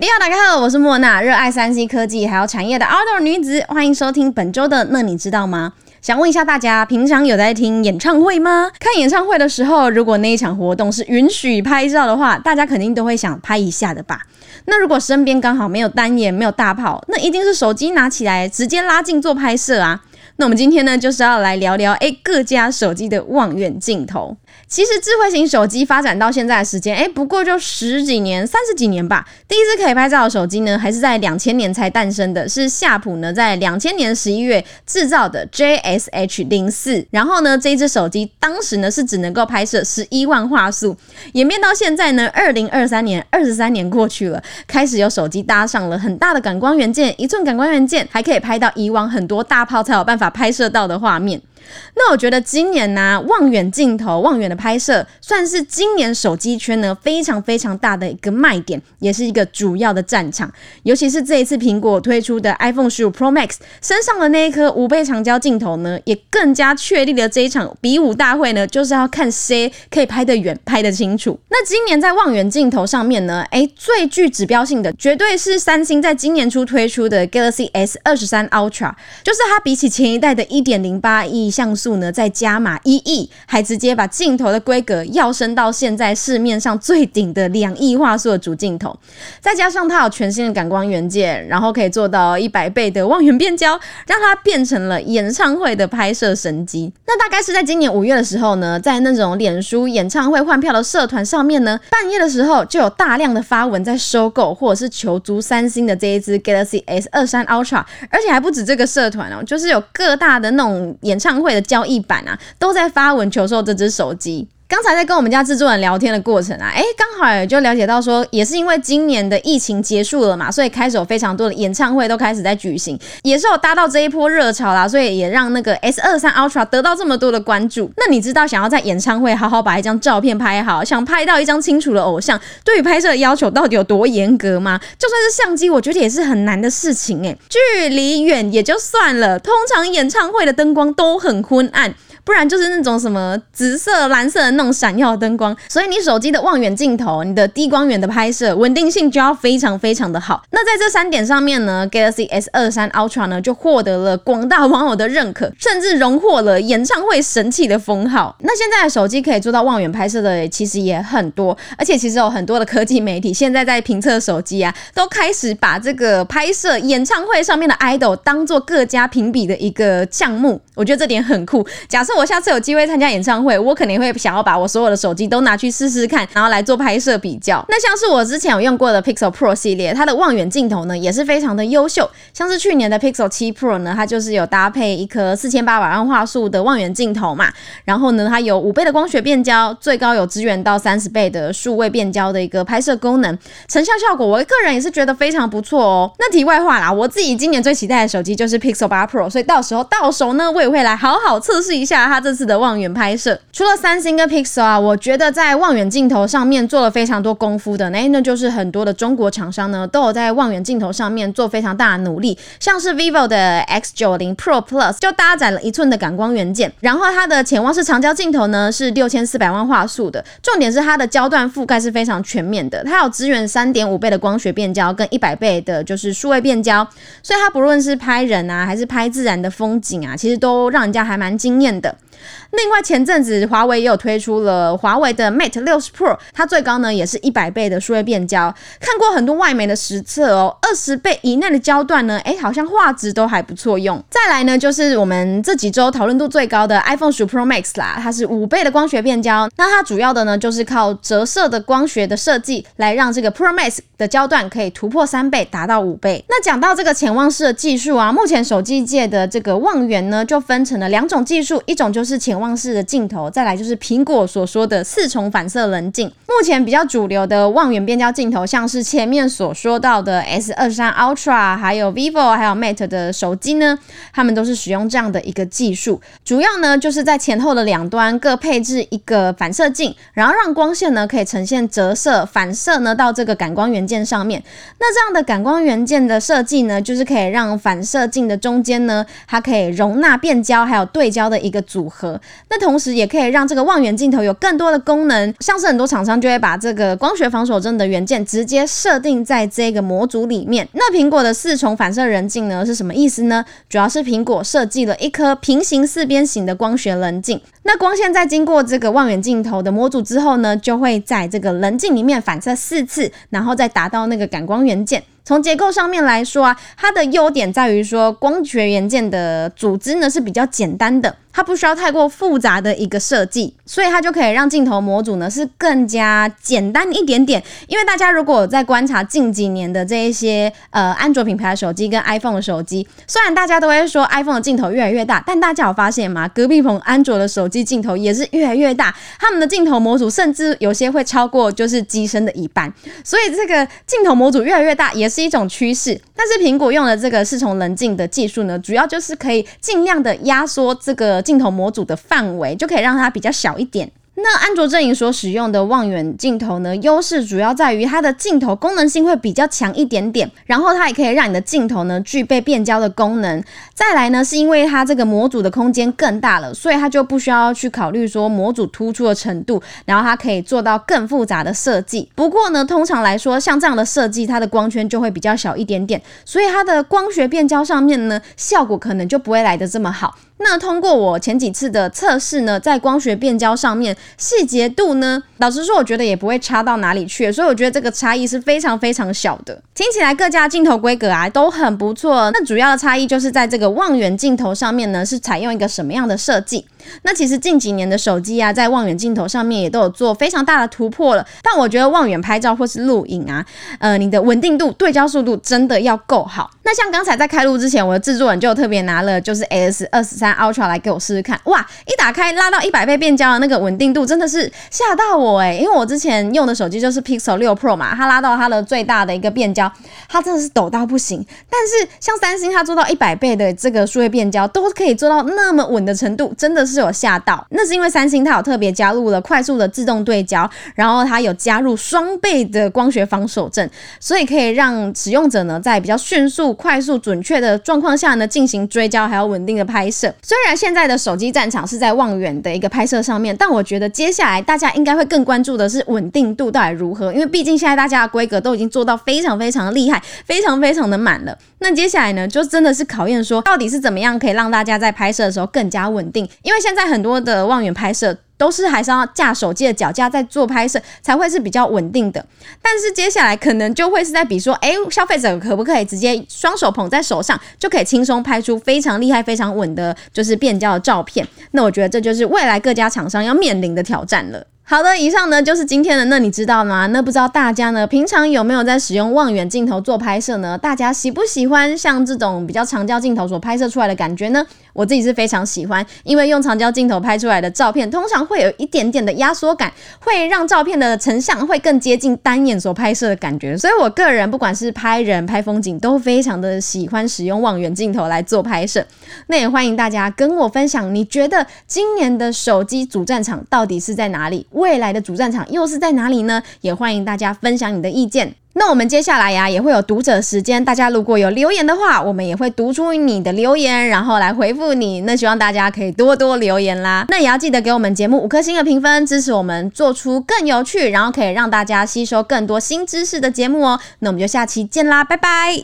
你好，大家好，我是莫娜，熱愛 3C 科技還有產業的 Outdoor 女子，歡迎收聽本週的那你知道嗎？想問一下大家，平常有在聽演唱會嗎？看演唱會的時候，如果那一場活動是允許拍照的話，大家肯定都會想拍一下的吧？那如果身邊剛好沒有單眼、沒有大炮，那一定是手機拿起來直接拉近做拍攝啊。那我們今天呢，就是要來聊聊哎各家手機的望遠鏡頭。其實智慧型手機發展到現在的時間，哎不過就十幾年、三十幾年吧。第一支可以拍照的手機呢，還是在兩千年才誕生的，是夏普呢在兩千年十一月制造的 JSH 零四。然後呢，這一支手機當時呢是只能夠拍攝十一萬畫素。演變到現在呢，二零二三年二十三年過去了，開始有手機搭上了很大的感光元件，一寸感光元件還可以拍到以往很多大炮才有辦法。拍攝到的畫面。那我覺得今年呢、啊，望遠鏡頭望遠的拍攝算是今年手機圈，呢非常非常大的一個賣點，也是一個主要的戰場。尤其是這一次蘋果推出的 iPhone 15 Pro Max 身上的那一顆五倍長焦鏡頭呢，也更加確立了這一場比武大會呢，就是要看誰可以拍得遠、拍得清楚。那今年在望遠鏡頭上面呢，哎、欸，最具指標性的絕對是三星在今年初推出的 Galaxy S 二十三 Ultra，就是它比起前一代的一點零八億像素呢再加碼一億，還直接把鏡頭的規格要升到現在市面上最頂的兩億畫素的主鏡頭，再加上它有全新的感光元件，然後可以做到一百倍的望遠變焦，讓它變成了演唱會的拍攝神機。那大概是在今年五月的時候呢，在那種臉書演唱會換票的社團上面呢，半夜的時候就有大量的發文在收購或者是求租三星的這一支 Galaxy S23 Ultra，而且還不止這個社團哦，就是有各大的那種演唱會的交易版啊，都在發文求售這隻手機。剛才在跟我們家製作人聊天的過程啊，哎、欸，剛好也就了解到說，也是因為今年的疫情結束了嘛，所以開始有非常多的演唱會都開始在舉行，也是有搭到這一波熱潮啦，所以也讓那個 S23 Ultra 得到這麼多的關注。那你知道想要在演唱會好好把一張照片拍好，想拍到一張清楚的偶像，對於拍攝的要求到底有多嚴格嗎？就算是相機，我覺得也是很難的事情哎、欸，距離遠也就算了，通常演唱會的燈光都很昏暗。不然就是那種什麼紫色、藍色的那種閃耀燈光，所以你手機的望遠鏡頭、你的低光源的拍攝穩定性就要非常非常的好。那在這三點上面呢，Galaxy S23 Ultra 呢就獲得了廣大網友的認可，甚至榮獲了演唱會神器的封號。那現在的手機可以做到望遠拍攝的其實也很多，而且其實有很多的科技媒體現在在評測手機啊，都開始把這個拍攝演唱會上面的 idol 當作各家評比的一個項目。我覺得這點很酷。假設我。我下次有機會參加演唱會，我肯定會想要把我所有的手機都拿去試試看，然後來做拍攝比較。那像是我之前有用過的 Pixel Pro 系列，它的望遠鏡頭呢也是非常的優秀。像是去年的 Pixel 7 Pro 呢，它就是有搭配一顆四千八百萬畫素的望遠鏡頭嘛，然後呢它有五倍的光學變焦，最高有支援到三十倍的數位變焦的一個拍攝功能，成像效果我個人也是覺得非常不錯哦。那題外話啦，我自己今年最期待的手機就是 Pixel 8 Pro，所以到時候到手呢，我也會來好好測試一下。它這次的望遠拍攝，除了三星跟 Pixel 啊，我覺得在望遠鏡頭上面做了非常多功夫的，那那就是很多的中國廠商呢，都有在望遠鏡頭上面做非常大的努力。像是 vivo 的 X 九零 Pro Plus 就搭載了一寸的感光元件，然後它的潛望式長焦鏡頭呢是六千四百萬畫素的，重點是它的焦段覆蓋是非常全面的，它有支援三點五倍的光學變焦跟一百倍的，就是數位變焦，所以它不論是拍人啊，還是拍自然的風景啊，其實都讓人家還蠻驚豔的。另外前陣子華為也有推出了華為的 Mate 60 Pro，它最高呢也是一百倍的數位變焦。看過很多外媒的實測哦，二十倍以內的焦段呢，誒、欸，好像畫質都還不錯用。再來呢，就是我們這幾周討論度最高的 iPhone 15 Pro Max 啦，它是五倍的光學變焦。那它主要的呢，就是靠折射的光學的設計來讓這個 Pro Max 的焦段可以突破三倍，達到五倍。那講到這個潛望式的技術啊，目前手機界的這個望遠呢，就分成了兩種技術，一種就是。是潛望式的鏡頭，再來就是蘋果所說的四重反射稜鏡。目前比較主流的望遠變焦鏡頭，像是前面所說到的 S23 Ultra，還有 vivo 還有 Mate 的手機呢，他們都是使用這樣的一個技術。主要呢就是在前後的兩端各配置一個反射鏡，然後讓光線呢可以呈現折射、反射呢到這個感光元件上面。那這樣的感光元件的設計呢，就是可以讓反射鏡的中間呢，它可以容納變焦還有對焦的一個組合。那同時也可以讓這個望遠鏡頭有更多的功能，像是很多廠商就會把這個光學防手震的元件直接設定在這個模組裡面。那蘋果的四重反射稜鏡呢是什麼意思呢？主要是蘋果設計了一顆平行四邊形的光學稜鏡，那光線在經過這個望遠鏡頭的模組之後呢，就會在這個稜鏡裡面反射四次，然後再達到那個感光元件。從結構上面來說啊，它的優點在於說光學元件的組織呢是比較簡單的。它不需要太過複雜的一個設計，所以它就可以讓鏡頭模組呢是更加簡單一點點。因為大家如果在觀察近幾年的這一些呃安卓品牌的手機跟 iPhone 的手機，雖然大家都會說 iPhone 的鏡頭越來越大，但大家有發現嗎？隔壁棚安卓的手機鏡頭也是越來越大，他們的鏡頭模組甚至有些會超過就是機身的一半。所以這個鏡頭模組越來越大也是一種趨勢。但是蘋果用的這個四重稜鏡的技術呢，主要就是可以盡量的壓縮這個。鏡頭模組的範圍，就可以讓它比較小一點。那安卓陣營所使用的望遠鏡頭呢，優勢主要在於它的鏡頭功能性會比較強一點點，然後它也可以讓你的鏡頭呢具備變焦的功能。再來呢，是因為它這個模組的空間更大了，所以它就不需要去考慮說模組突出的程度，然後它可以做到更複雜的設計。不過呢，通常來說，像這樣的設計，它的光圈就會比較小一點點，所以它的光學變焦上面呢，效果可能就不會來得這麼好。那通過我前幾次的測試呢，在光學變焦上面細節度呢，老實說我覺得也不會差到哪裡去，所以我覺得這個差異是非常非常小的。聽起來各家鏡頭規格啊都很不錯，那主要的差異就是在這個望遠鏡頭上面呢，是採用一個什麼樣的設計？那其實近幾年的手機啊，在望遠鏡頭上面也都有做非常大的突破了。但我覺得望遠拍照或是錄影啊，呃，你的穩定度、對焦速度真的要夠好。那像剛才在開錄之前，我的製作人就特別拿了就是 S23。Ultra 來給我試試看，哇！一打開拉到一百倍變焦的那個穩定度真的是嚇到我誒，因為我之前用的手機就是 Pixel 6 Pro 嘛，它拉到它的最大的一個變焦，它真的是抖到不行。但是像三星，它做到一百倍的這個數位變焦都可以做到那麼穩的程度，真的是有嚇到。那是因為三星它有特別加入了快速的自動對焦，然後它有加入雙倍的光學防手震，所以可以讓使用者呢，在比較迅速、快速、準確的狀況下呢，進行追焦，還有穩定的拍攝。雖然現在的手機戰場是在望遠的一個拍攝上面，但我覺得接下來大家應該會更關注的是穩定度到底如何，因為畢竟現在大家的規格都已經做到非常非常厲害，非常非常的滿了。那接下來呢，就真的是考驗說到底是怎麼樣可以讓大家在拍攝的時候更加穩定，因為現在很多的望遠拍攝。都是還是要架手機的腳架在做拍攝，才會是比較穩定的。但是接下來可能就會是在比說，哎、欸，消費者可不可以直接雙手捧在手上，就可以輕鬆拍出非常厲害、非常穩的，就是變焦的照片。那我覺得這就是未來各家廠商要面臨的挑戰了。好的，以上呢就是今天的。那你知道嗎？那不知道大家呢，平常有沒有在使用望遠鏡頭做拍攝呢？大家喜不喜歡像這種比較長焦鏡頭所拍攝出來的感覺呢？我自己是非常喜歡，因為用長焦鏡頭拍出來的照片，通常會有一點點的壓縮感，會讓照片的成像會更接近單眼所拍攝的感覺。所以我個人不管是拍人、拍風景，都非常的喜歡使用望遠鏡頭來做拍攝。那也歡迎大家跟我分享，你覺得今年的手機主戰場到底是在哪裡？未來的主戰場又是在哪裡呢？也歡迎大家分享你的意見。那我們接下來呀、啊，也會有讀者時間，大家如果有留言的話，我們也會讀出你的留言，然後來回復你。那希望大家可以多多留言啦。那也要記得給我們節目五顆星的評分，支持我們做出更有趣，然後可以讓大家吸收更多新知識的節目哦。那我們就下期見啦，拜拜。